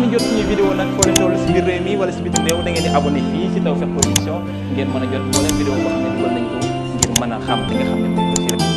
ngeen jot suñu vidéo nag foo leen toll si biir réew wala si biti réew da ngeen di abonné fii si Tawfekh Production ngeen mën a jot moo leen vidéo boo xam ne a xam li xam ne moom la fi rek.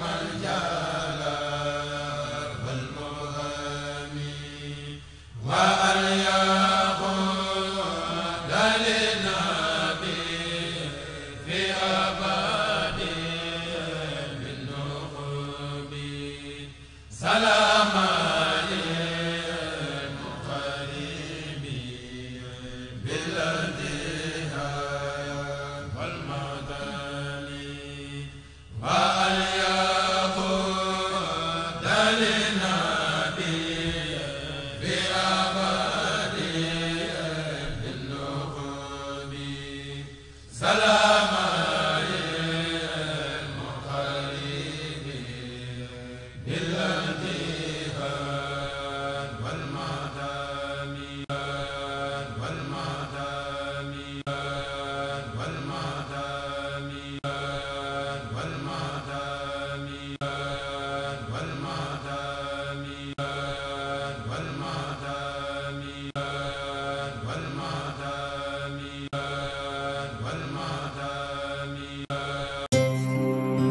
الملجأ